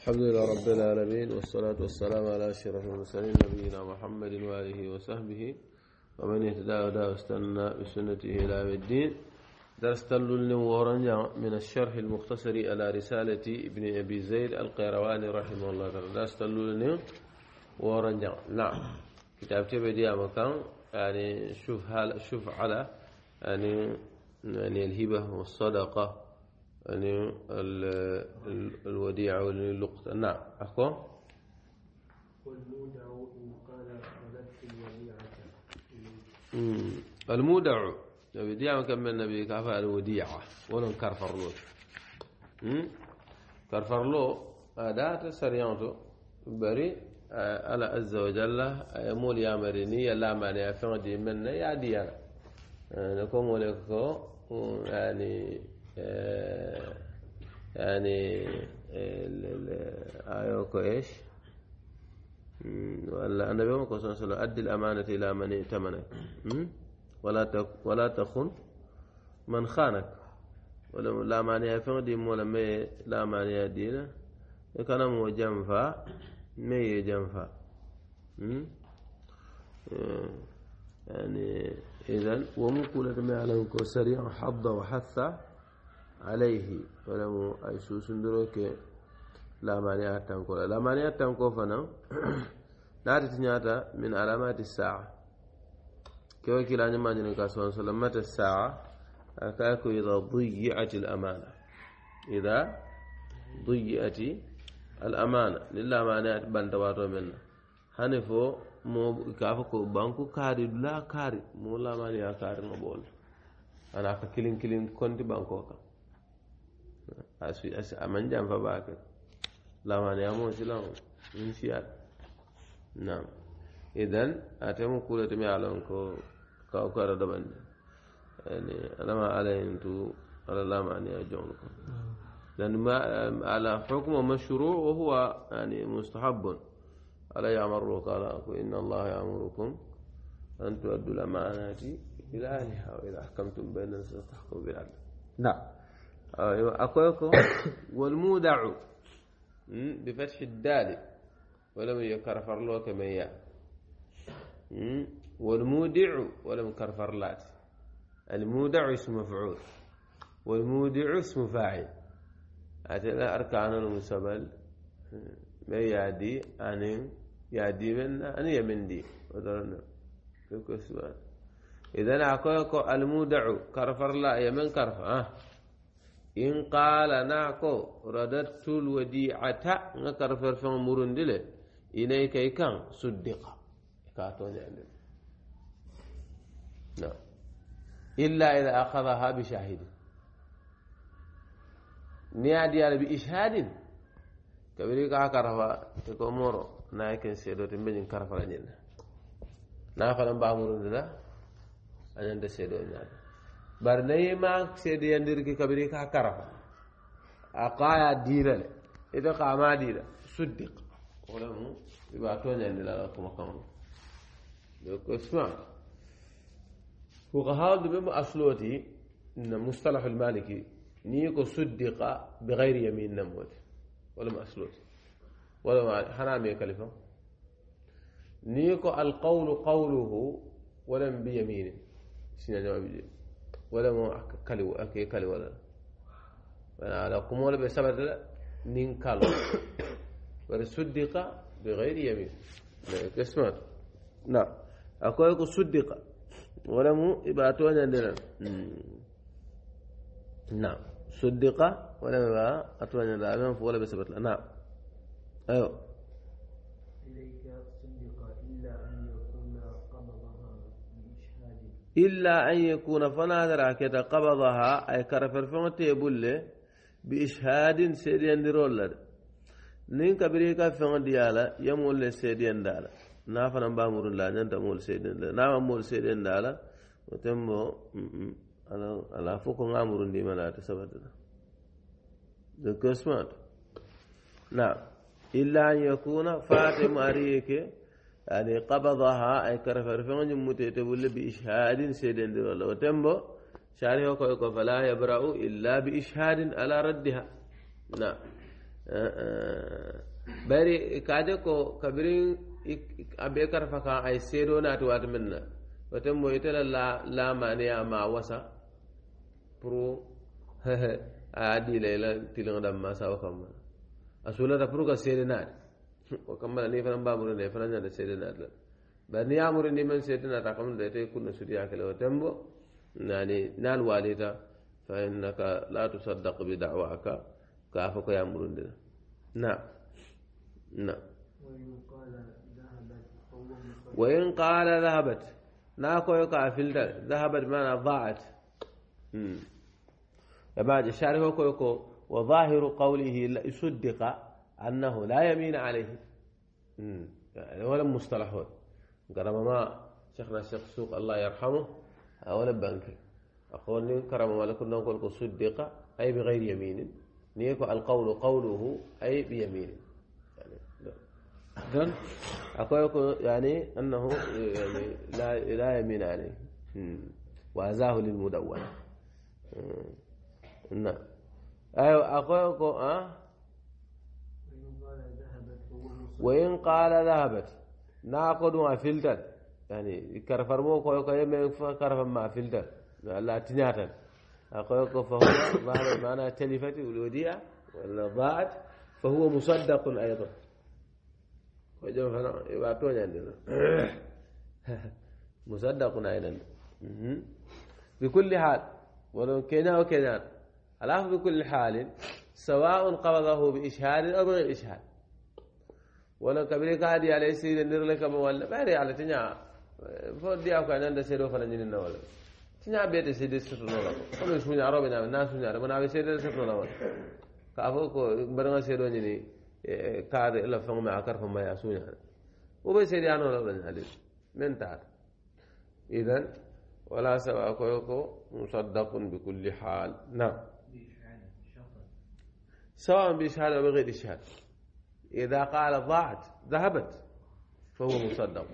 الحمد لله رب العالمين والصلاة والسلام على أشرف المرسلين نبينا محمد وآله وصحبه ومن اهتدى ودا واستنى بسنته إلى يوم الدين درس تلل ورنجا من الشرح المختصر على رسالة ابن أبي زيد القيرواني رحمه الله تعالى درس ورنجا نعم كتاب تبدي مكان يعني شوف هل شوف على يعني يعني الهبة والصدقة يعني الوديعة واللقطة نعم أخو والمودع قال ولدت الوديعة المودع الوديعة كم من النبي كافة الوديعة ولن كرفرلو له أداة سريانته بري على عز وجل مول يا مريني لا مانع فين دي من يا ديانا نكون ولكو يعني آه، يعني آيوكو إيش ولا النبي محمد صلى الله عليه وسلم أدي الأمانة إلى من ائتمنك ولا ولا تخن من خانك ولا لا مانع فين دي مولا مي لا مانع دينا كان مو جنفا مي جنفا آه، يعني إذا ومقولة ما على سريع حظ وحثة alayhi fanamu ay duro ke lamaniya tanko la lamaniya tanko fana naati tiñata min alamati saa kila kewo kilañamañinen ka sowan sallam mata saa aka ko ida duyiat l amana buyi duyiati al amana ni lamaniya banta wato men na hani fo mo kafa ko banku kari la kari mo lamaniya kari mo bol ana ka kilin kilin konti banko asu aman jam fa bake lamani amo silam min siyal nam idan atemu kulati mi alon ko ka kawkara dabande yani alama alayin tu ala lamani a jonlu ko dan لأن ما على حكم مشروع وهو يعني مستحب ألا يأمرك على إن الله يأمركم أن تؤدوا الأمانات إلى أهلها وإذا حكمتم بين الناس تحكموا بالعدل نعم أيوة. أكوكو والمودع بفتح الدال ولم يكرفر لو كما والمودع ولم كرفر لات المودع اسم مفعول والمودع اسم فاعل هذا أركان المسبل ما يادي أنا يادي من أنا يمندي ودرنا إذا أكوكو المودع كرفر لا يمن كرفر أه إن قال ناكو رددت الوديعة نكر فرفن مرندلة إليك كان صدقا كاتون يعني نعم إلا إذا أخذها بشاهد نيادي على بإشهاد كبيرك أكرفا تكو مورو نايكن سيدو تنبجن كرفا لنين نافلا بأمرندلة أنا ندسيدو نعم bari nayi ma seediyandiri ki kabiri ka karafa a qaya diila le ite qama diila suddiq wolamu iba toñandi lala kuma kaŋo donc smart fuqahawdu ɓe mo asloti na mustalahu lmaliki ni ko suddiqa bi gayri yamin namoti wala mo asloti wala ma hana me kalifa ni ko alqawlu qawluhu walam bi yaminin sinañamaɓe jeeɗi ولا ما كلي أكي كلي ولا أنا على قمول بسبب لا نين كلو ورصدق بغير يمين لا اسمع لا أقول لك صدق ولا مو إبعتونا لنا نعم صدق ولا ما أتوانا لا أمام فولا بسبب لا نعم أيوه إلا أن يكون فنادر كذا قبضها أي كرفر فمتي بول بإشهاد سيدين درولر نين كبريكا فن ديالا يمول سيدين دالا نافنا بامور الله ننت مول سيدين دالا نعم مول سيدين دالا وتمو على على فوق عمر دي ملات سبتنا ذكر سمعت نعم إلا أن يكون فاطم أريك يعني قبضها أي كرف رفعون متتبول بإشهاد سيدن دي والله وتنبو شارحه كويكو فلا يبرأ إلا بإشهاد على ردها نعم bari kaje ko kabirin abe karfa kan ay sedo na to wat minna wata mo ita la la mane ya ma wasa pro adi lela tilon da masa wa kam asula da pro ka sedo na وكمل ني فلان بامور ني فلان ده سيدنا ده بني امور ني من سيدنا تقوم ده تي كنا سوريا كلو تمبو ناني نال والدا فانك لا تصدق بدعواك كافك يا امور ده نعم نعم وإن قال ذهبت ناكو يقع في ذهبت معنى ضاعت امم يا بعد الشارع وظاهر قوله لا يصدق أنه لا يمين عليه يعني ولا مصطلح هون كرم ما شيخنا الشيخ سوق الله يرحمه ولا بنك أقول كرم ما لكم نقول صدق أي بغير يمين نيكو القول قوله أي بيمين يعني أقول يعني أنه يعني لا لا يمين عليه وأزاه للمدونة نعم أيوة أقول أه وإن قال ذهبت ناقد ما فلتل يعني كرفر مو كويك يمين كرفر ما فلتل لا تناتل أقولك فهو ظهر معنى تلفت الوديعة ولا ضاعت فهو مصدق أيضا وجم فنا يبعتون عندنا مصدق أيضا بكل حال ولو كنا وكنا الأخذ بكل حال سواء قبضه بإشهاد أو بغير إشهاد wala kabiri ka di ala sire nirle kama wala bari ala tinya fo diya ko nan da sedo fana nyinin wala tinya bete sede sutu no la ko no sunya robe na na sunya robe na sede sutu no wala ka fo ko baranga sedo nyini kaade ila fango ma akar fama ya sunya wo be sede ano la ban halis men ta idan wala sawa ko ko musaddaqun bi kulli hal na سواء بشهادة أو بغير شهادة إذا قال ضاعت ذهبت فهو مصدق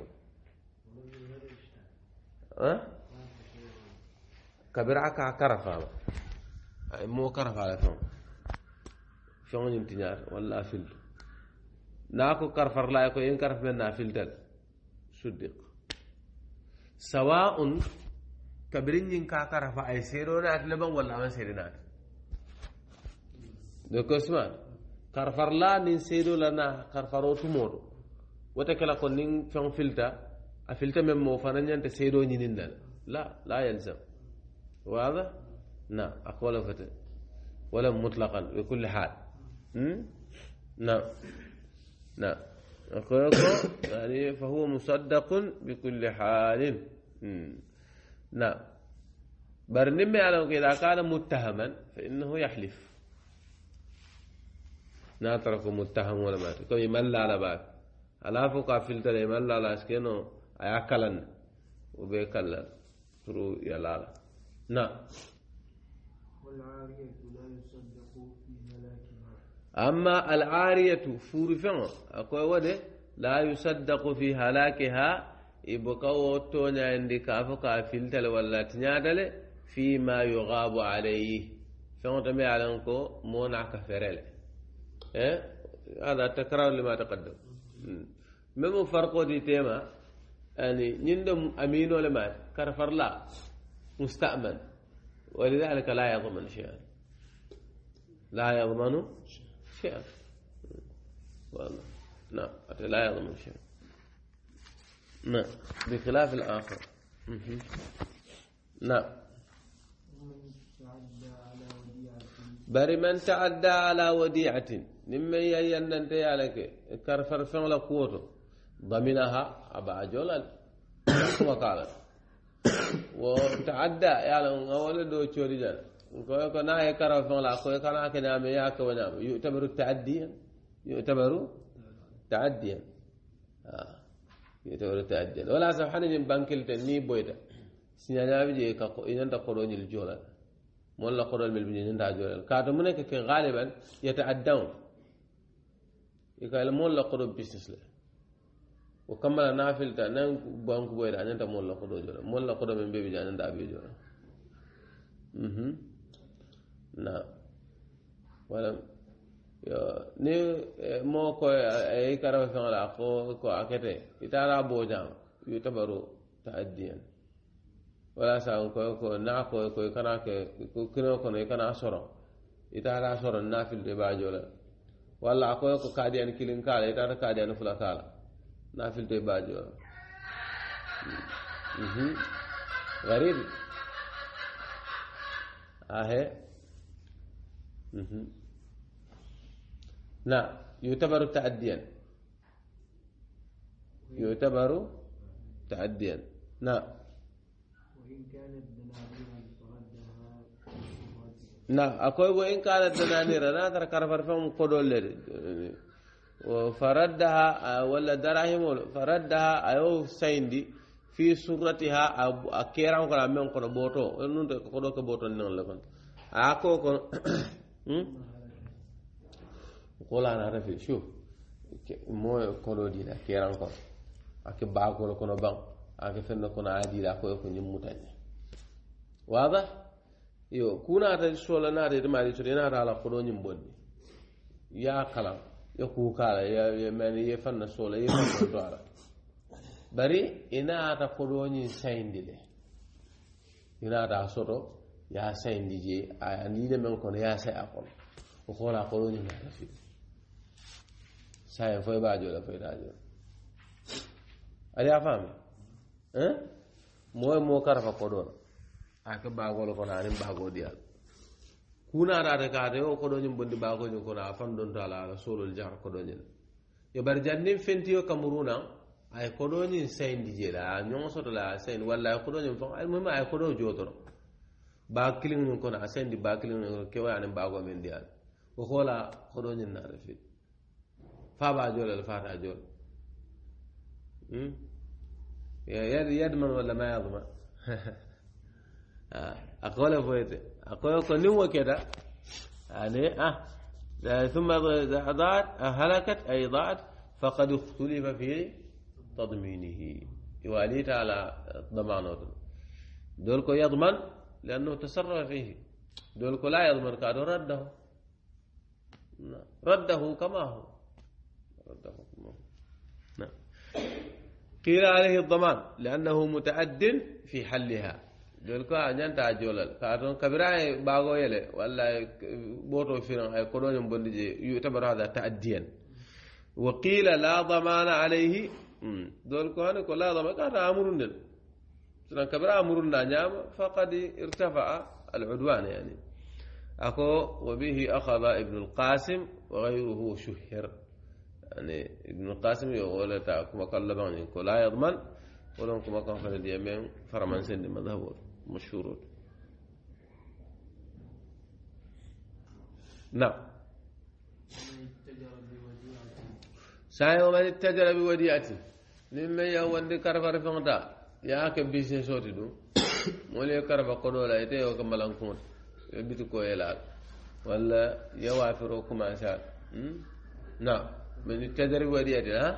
أه؟ كبير عكا كرف هذا مو كرف على فهم شون امتنار ولا أفل ناكو كرفر لا يكو إن كرف من أفل دل صدق سواء كبرين ينكا كرف أي سيرونات لبن ولا ما سيرونات دوكو اسمان كارفار لا نين لنا كارفارو تمور وتكلا كون نين فان فيلتا افيلتا ميم مو فانان نانت سيدو نينين لا لا يلزم واضح نعم اقول فت ولا مطلقا بكل حال نعم نعم اقول لكم يعني فهو مصدق بكل حال نعم برنمي على اذا كان متهما فانه يحلف na tara ko muttahamu la mati komi malla la ba ala fo ka filtere malla la skeno aya kalan o be kala turu ya la na amma al'ariyatu furu fen akwai wade la yusaddaqu fi halakiha ibuka woto ñayindi ka fo ka filtale walla tiñadale fima yugabu alayhi feŋo to me alan ko mona ka ferele إيه؟ هذا تكرار لما تقدم مم فرق دي تيما يعني نندم أمين ولا مال كرفر لا مستأمن ولذلك لا يضمن شيئا لا يضمن شيئا والله نعم لا يضمن شيئا نعم بخلاف الآخر نعم بل من تعدى على وديعة نمي يا يندنت عليك كرفر فن لا قوتو ضمنها ابا جولال وقال وتعدى يا لون اول دو تشوري جال كو نا يكرف فن آه. لا كو كان كنا ميا كونا يعتبر تعديا يعتبر تعديا آه. يعتبر تعديا ولا سبحان من بنك تني بويدا سينانا بيجي كاكو ان قرون الجولا مولا قرون الملبنين دا جولال كاتو منك غالبا يتعدون يقال مول لا قرب بيزنس له وكمل نافل تا نان نعم، بانك بوير اني تا مول لا قدو جو مول لا قدو من بيبي جان دا بي جو اها نا نعم. ولا يا ني مو كو اي كارو فان لا كو كو اكيتي يتارا بو يتبرو تعديا ولا ساون كو كو نا كو كو كناك كو كنو كو كنا اشورو يتارا اشورو نافل دي باجولا walla a koye ko kaadiyani kilin kaala itata kaadiyani fula kaala nafilto e baajoora garibi ahe نعم يعتبر تعديا يعتبر تعديا نعم وإن كانت دنانير na akoy bo in kala dananira na tara karfar fam kodolle faraddaha walla darahimol faraddaha ayo sayndi fi surratiha a keran kono a men kono ɓooto nun koɗo ke ɓooton nan le kon a ko kono kolana refi su mo koɗo dina keran kono ake baakolo kono ban ake fenno kono a diɗa koye ko ñimmutanñe waga yo kunata sola naata ite maari soto inaata ala koɗoñim bonni ya kala ye kuukala mani ye fanna sola ye fannato ala bari inaata koɗoñin sayndi le inaata soto ya sayndi je aniile men kono ya say a kono o koola koɗoñi naata fi sayen foye baajola foytaajola aɗa ya faami moye mo karafa koɗona aka baagolo kono aniŋ baagoo diyaal kunaataate kaate wo kodoñiŋ bondi baakoñiŋ kono a faŋ donto a la a la soolol jar kodoñiŋ yo bari janniŋ fentiyo kamuruuna a ye kodoñiŋ sayindi je la a ñoŋo soto la a sayindi walla a ye kodoñiŋ faŋ almuhima a ye kodoo joo doro baa kiliŋ ñiŋ kono a sayindi baa kiliŋ ñiŋ kono kewo aniŋ baagoo meŋ diyaal wo ko la kodoñiŋ naata fi faa baa joo le le faataa joo le yadman walla ma yadman أقول فويت أقول صنوة كذا يعني أه ثم ضاعت هلكت أي ضاعت فقد اختلف في تضمينه يواليت على ضمانه دولكو يضمن لأنه تصرف فيه دولكو لا يضمن قالوا رده نعم. رده كما هو رده كما هو نعم قيل عليه الضمان لأنه متعد في حلها jol ko a ñanta a jolal ka toon kabira e ɓaagoyele walla ɓooto firan ay koɗoñom bonde je yutabaru hada taaddiyan wa qila la damana alayhi dol ko hani ko la dama kata amurunden sinan kabira amurunda ñaama faqad irtafaa al udwan yani ako wa bihi akhada ibnu alqasim wa gayruhu shuhir يعني ابن القاسم يقول تعكم كلبان لا يضمن ولهم كما كان فرد يمين فرمان سند مذهبه مشهورون نعم سايو من اتجر بوديعته لمن يوند كرفر فنطا ياك بيزنس سوتي دو مولي كرفا قدولا يتي يوك ملانكون بيتكو يلال ولا يوافرو كما شاء نعم من اتجر بوديعته ها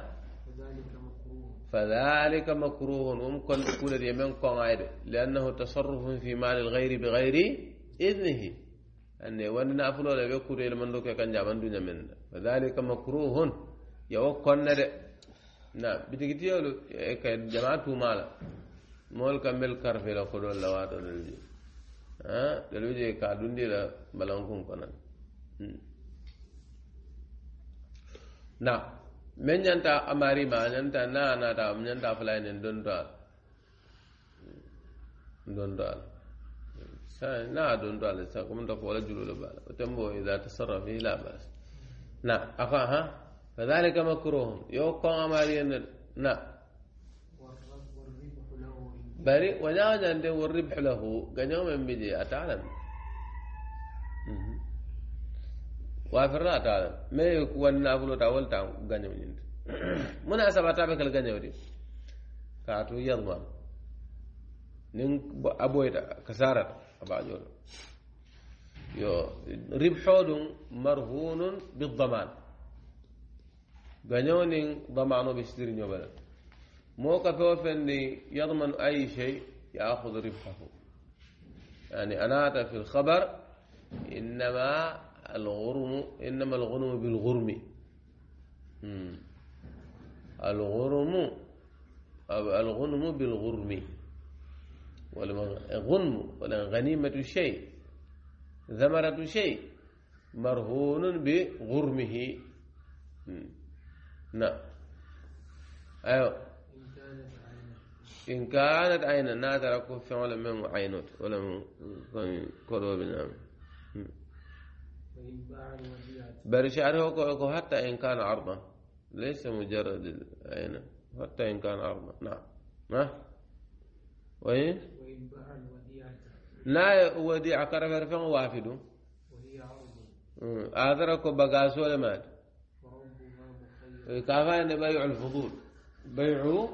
فذلك مكروه ممكن يكون اليمين قاعد لأنه تصرف في مال الغير بغير إذنه أن يوان أفلو لا يكون يلمن لك كان جابن دنيا من فذلك مكروه يوقن نعم بتجي يقول جماعة مال مول كمل كرف لا خدول لا واتو دلوجي ها دلوجي دي لا بلانكم كنان نعم men ñanta amarima ñanta nanata ñanta fulanen donto ala donto ala na donto ala sa comme ta fola julolo bala o tembo ida tasarrafa la bas na aka ha فذلك مكروه يو كون امارين نعم بريء ولا جند والربح له قنوم بدي اتعلم وافرنا تعالى ما يكون نافلو تاول تام غنيم نينت من اسبع تابع كل غنيم ودي كاتو نين ابويتا كسارا ابا جول يو ربح مرهون بالضمان غنيون ضمانو بيستير نيوبل موكا توفني يضمن اي شيء ياخذ ربحه يعني انا في الخبر انما الغرم إنما الغنم بالغرم الغرم الغنم بالغرم والغنم والغنيمة شيء ثمرة شيء مرهون بغرمه نعم أيوة إن كانت عينا ناترك فعلا من عينوت ولا من كرو بل شعره حتى إن كان عرضا ليس مجرد عينا حتى إن كان عرضا نعم ها وين لا وديع كرف فن وافد وهي عرض آذرك بقاس ولا مال كافان يعني بيع الفضول بيع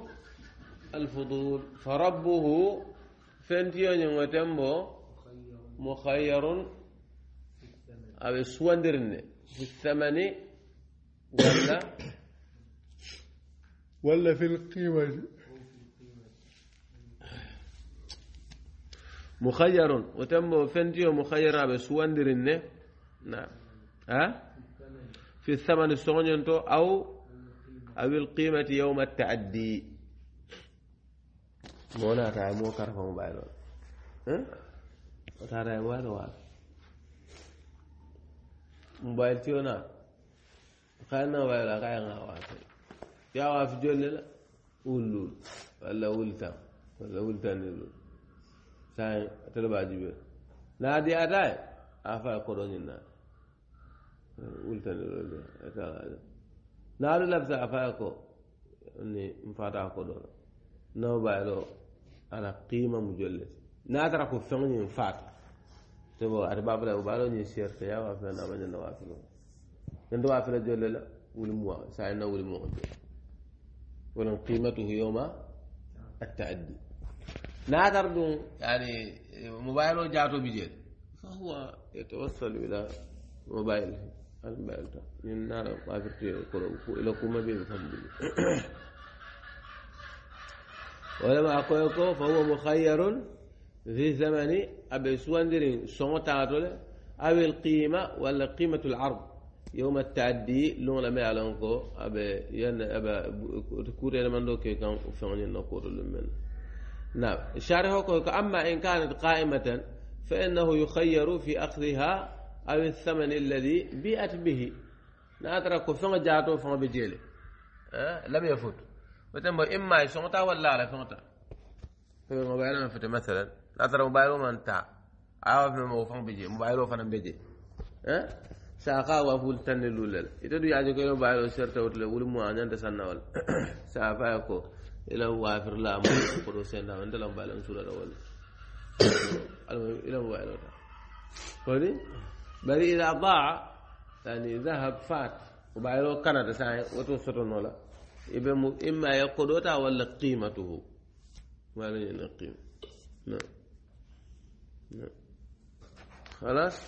الفضول فربه فنتيون وتمبو مخير أو سواندرن في الثمن ولا ولا في القيمة مخير وتم فنتي مخير أبي سواندرن نعم ها في الثمن السونيون أو أو القيمة يوم التعدي مونا تعمو كرفه موبايلون ها وتعالى وهذا موبايل تيونا خلنا موبايل قاعد غاواتي يا واف جول لا ولول ولا ولتا ولا ولتا نلول ساي بي لا دي ادا افا كورونينا ولتا نلول اتا نادي لبسا افا كو ني مفاتا كو دو نو بايلو انا قيمه مجلس نادرك فمن فاتك sebo ada babla o balo ni serte ya wa fa na ma na wa fa nan do wa fa jolle la wul mu sa na wul mu wala qimatuhu yawma at-ta'addi na dardu yani mobailo jato bi jeel fa huwa yatawassalu ila mobail al-mobail ta ñun na la wa fa te ko ko ila kuma be fam bi wala ma ko ko fa huwa mukhayyarun ذي زمن أبي سموت سمتاتول أو القيمة ولا قيمة العرض يوم التعدي لون لما يعلنكو أبي ين أبي كوري من دوكي كان فعني نقول لمن نعم شارحه أما إن كانت قائمة فإنه يخير في أخذها أو الثمن الذي بيأت به ناترك فن جاتو فن بجيل أه؟ لم يفوت وتم إما يسمتا ولا لا فنتا فما بينما فت مثلا لا ترى موبايلو من تا عارف نمو فان بيجي موبايلو فان بيجي ها ساقا وفول تن لولل يتدو ياجي كاي موبايلو سيرتا وتل ول مو انان تسنا ول سافا كو الى وافر لا مو كودو سندا انت لا موبايلو سولا ول الى موبايلو فدي بل اذا ضاع يعني ذهب فات وبايلو كندا ساي وتو سوتونولا إما يقودوتا ولا قيمته ولا قيمة نعم خلاص